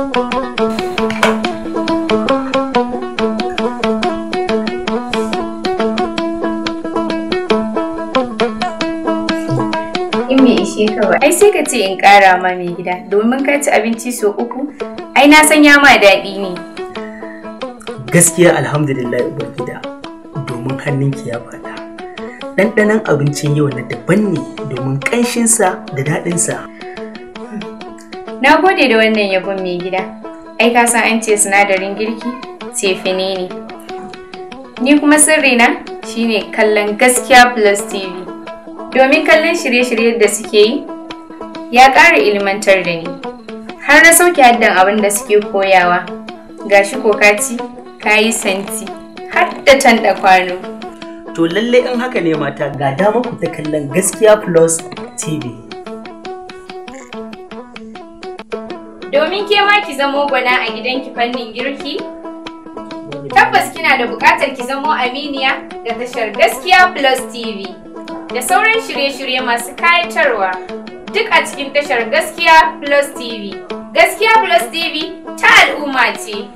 ai sai ka ce in ƙara ma mai gida domin ka ci abinci so uku ai na san ya ma daɗi ne gaskiya alhamdulillah ubar gida domin hannunki ya faɗa. ɗanɗanon abincin yau na daban ne domin ƙanshinsa da daɗinsa Na gode da wannan yabon mai gida. Ai ka san an ce sinadarin girki tefine ne. Ni kuma sirri sirrina shine kallon gaskiya plus TV. Domin kallon shirye-shiryen da suke yi ya ƙara ilmantar da ni. Har na sauke haddan abin da suke koyawa. Gashi ka kayi santi, har da tanɗa kwano. To lalle in haka ne mata ga dama ku ta kallon gaskiya plus TV. Domin ke ma ki zamo gwana a gidanki fannin girki? Tabbas kina da buƙatar ki zamo aminiya da tashar Gaskiya Plus TV da sauran shirye-shirye masu kayatarwa duk a cikin tashar Gaskiya Plus TV. Gaskiya Plus TV ta al'umma ce.